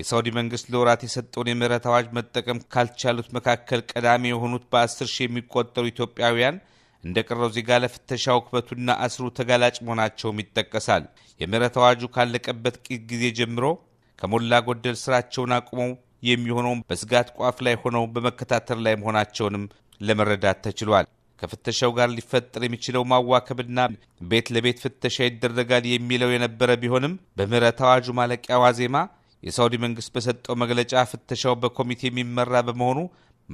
የሳውዲ መንግስት ለወራት የሰጠውን የምህረት አዋጅ መጠቀም ካልቻሉት መካከል ቀዳሚ የሆኑት በአስር ሺህ የሚቆጠሩ ኢትዮጵያውያን እንደ ቀረው ዜጋ ለፍተሻ ውክበቱና አስሩ ተጋላጭ መሆናቸውም ይጠቀሳል። የምህረት አዋጁ ካለቀበት ጊዜ ጀምሮ ከሞላ ጎደል ስራቸውን አቁመው የሚሆነውን በስጋት ቋፍ ላይ ሆነው በመከታተል ላይ መሆናቸውንም ለመረዳት ተችሏል። ከፍተሻው ጋር ሊፈጠር የሚችለው ማዋከብና ቤት ለቤት ፍተሻ ይደረጋል የሚለው የነበረ ቢሆንም በምህረት አዋጁ ማለቂያ ዋዜማ የሳውዲ መንግስት በሰጠው መግለጫ ፍተሻው በኮሚቴ የሚመራ በመሆኑ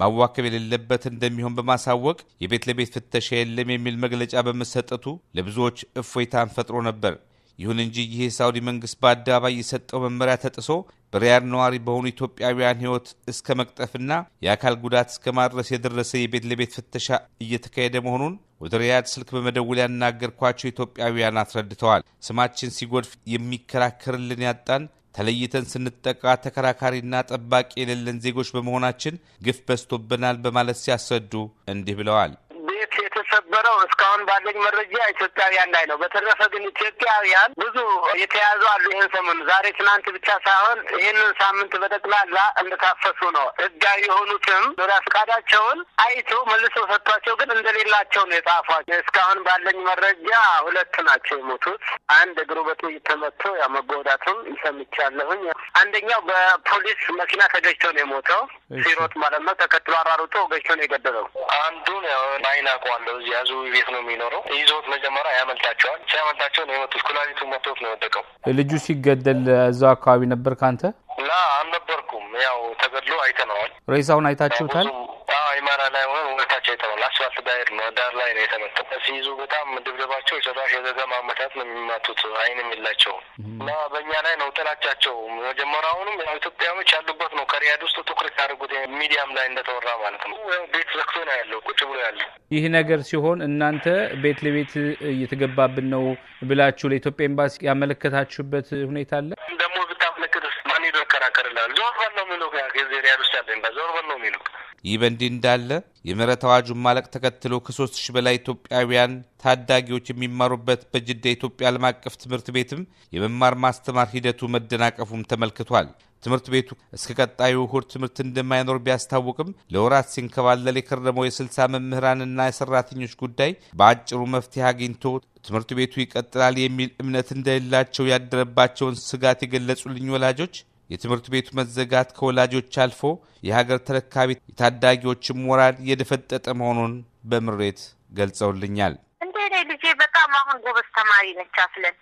ማዋከብ የሌለበት እንደሚሆን በማሳወቅ የቤት ለቤት ፍተሻ የለም የሚል መግለጫ በመሰጠቱ ለብዙዎች እፎይታን ፈጥሮ ነበር። ይሁን እንጂ ይህ የሳውዲ መንግስት በአደባባይ የሰጠው መመሪያ ተጥሶ በሪያድ ነዋሪ በሆኑ ኢትዮጵያውያን ህይወት እስከ መቅጠፍና የአካል ጉዳት እስከ ማድረስ የደረሰ የቤት ለቤት ፍተሻ እየተካሄደ መሆኑን ወደ ሪያድ ስልክ በመደወል ያናገርኳቸው ኢትዮጵያውያን አስረድተዋል። ስማችን ሲጎድፍ የሚከራከርልን ያጣን ተለይተን ስንጠቃ ተከራካሪና ጠባቂ የሌለን ዜጎች በመሆናችን ግፍ በዝቶብናል በማለት ሲያሰዱ እንዲህ ብለዋል። የተሰበረው እስካሁን ባለኝ መረጃ ኢትዮጵያውያን ላይ ነው። በተረፈ ግን ኢትዮጵያውያን ብዙ የተያዙ አሉ። ይህን ሰሞን ዛሬ፣ ትናንት ብቻ ሳይሆን ይህንን ሳምንት በጠቅላላ እንደታፈሱ ነው። ህጋዊ የሆኑትም ዙሪያ ፈቃዳቸውን አይቶ መልሶ ሰጥቷቸው ግን እንደሌላቸው ነው የጻፏቸው። እስካሁን ባለኝ መረጃ ሁለት ናቸው የሞቱት። አንድ እግሩ በጥይት ተመቶ ያ መጎዳቱም ይሰምቻለሁኝ። አንደኛው በፖሊስ መኪና ተገጭቶ ነው የሞተው። ሲሮት ማለት ነው። ተከትሎ አራሩጦ ገጭቶ ነው የገደለው። አንዱን ያው አይን አውቀዋለሁ እዚህ ያዙ ቤት ነው የሚኖረው። ይዞት መጀመሪያ ያመልጣቸዋል። ሲያመልጣቸው ነው የመጡት። ኩላሊቱ መቶት ነው የወደቀው። ልጁ ሲገደል እዛው አካባቢ ነበር ከአንተ ላ አልነበርኩም። ያው ተገድሎ አይተነዋል። ሬሳውን አይታችሁታል? አይ ላይ ሆነ ወታቸው አይተነዋል። ዳር ዳር ላይ ነው የተመጠጠ ሲይዙ በጣም ድብደባቸው ጭራሽ የዘገም አመታት ነው የሚማቱት። አይንም የላቸውም እና በእኛ ላይ ነው ጥላቻቸው። መጀመሪያውንም ኢትዮጵያኖች ያሉበት ነው ከሪያድ ውስጥ ትኩረት ያደርጉት ሚዲያም ላይ እንደተወራ ማለት ነው። ቤት ዘግቶ ነው ያለው ቁጭ ብሎ ያለ ይህ ነገር ሲሆን እናንተ ቤት ለቤት እየተገባብን ነው ብላችሁ ለኢትዮጵያ ኤምባሲ ያመለከታችሁበት ሁኔታ አለ ደግሞ ብታመለክት ማን ይዶ ይከራከርላል ዞር በል ነው የሚለው ጊዜ ሪያድ ውስጥ ያለ ዞር በል ይህ በእንዲህ እንዳለ የምህረት አዋጁን ማለቅ ተከትሎ ከ3000 በላይ ኢትዮጵያውያን ታዳጊዎች የሚማሩበት በጅዳ የኢትዮጵያ ዓለም አቀፍ ትምህርት ቤትም የመማር ማስተማር ሂደቱ መደናቀፉም ተመልክቷል። ትምህርት ቤቱ እስከ ቀጣዩ እሁድ ትምህርት እንደማይኖር ቢያስታውቅም ለወራት ሲንከባለል የከረመው የ60 መምህራንና የሰራተኞች ጉዳይ በአጭሩ መፍትሄ አግኝቶ ትምህርት ቤቱ ይቀጥላል የሚል እምነት እንደሌላቸው ያደረባቸውን ስጋት የገለጹልኝ ወላጆች የትምህርት ቤቱ መዘጋት ከወላጆች አልፎ የሀገር ተረካቢ የታዳጊዎች ሞራል የደፈጠጠ መሆኑን በምሬት ገልጸውልኛል። እንደ ልጄ በጣም አሁን ጎበዝ ተማሪ ነች። አፍለን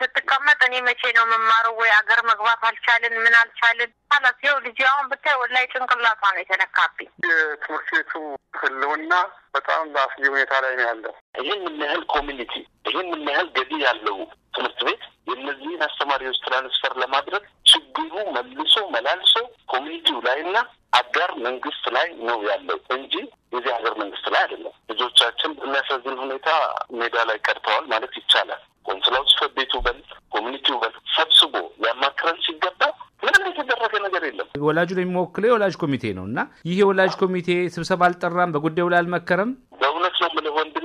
ስትቀመጥ እኔ መቼ ነው መማረው ወይ አገር መግባት አልቻልን ምን አልቻልን አላት። ው ልጄ አሁን ብታይ ወላይ ጭንቅላቷ ነው የተነካብኝ። የትምህርት ቤቱ ህልውና በጣም በአስጊ ሁኔታ ላይ ነው ያለው። ይህን ምን ኮሚኒቲ ይህን ምን ገቢ ያለው ትምህርት ቤት አስተማሪዎች ትራንስፈር ለማድረግ ችግሩ መልሶ መላልሶ ኮሚኒቲው ላይ እና አጋር መንግስት ላይ ነው ያለው እንጂ የዚህ ሀገር መንግስት ላይ አይደለም። ልጆቻችን በሚያሳዝን ሁኔታ ሜዳ ላይ ቀርተዋል ማለት ይቻላል። ቆንስላው ጽሕፈት ቤቱ በል ኮሚኒቲው በል ሰብስቦ ሊያማክረን ሲገባ ምንም የተደረገ ነገር የለም። ወላጁን የሚወክለው የወላጅ ኮሚቴ ነው እና ይህ የወላጅ ኮሚቴ ስብሰባ አልጠራም፣ በጉዳዩ ላይ አልመከረም።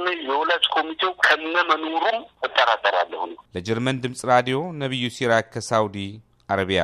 የሚል የወላጅ ኮሚቴው ከነ መኖሩም እጠራጠራለሁ። ለጀርመን ድምጽ ራዲዮ ነቢዩ ሲራክ ከሳውዲ አረቢያ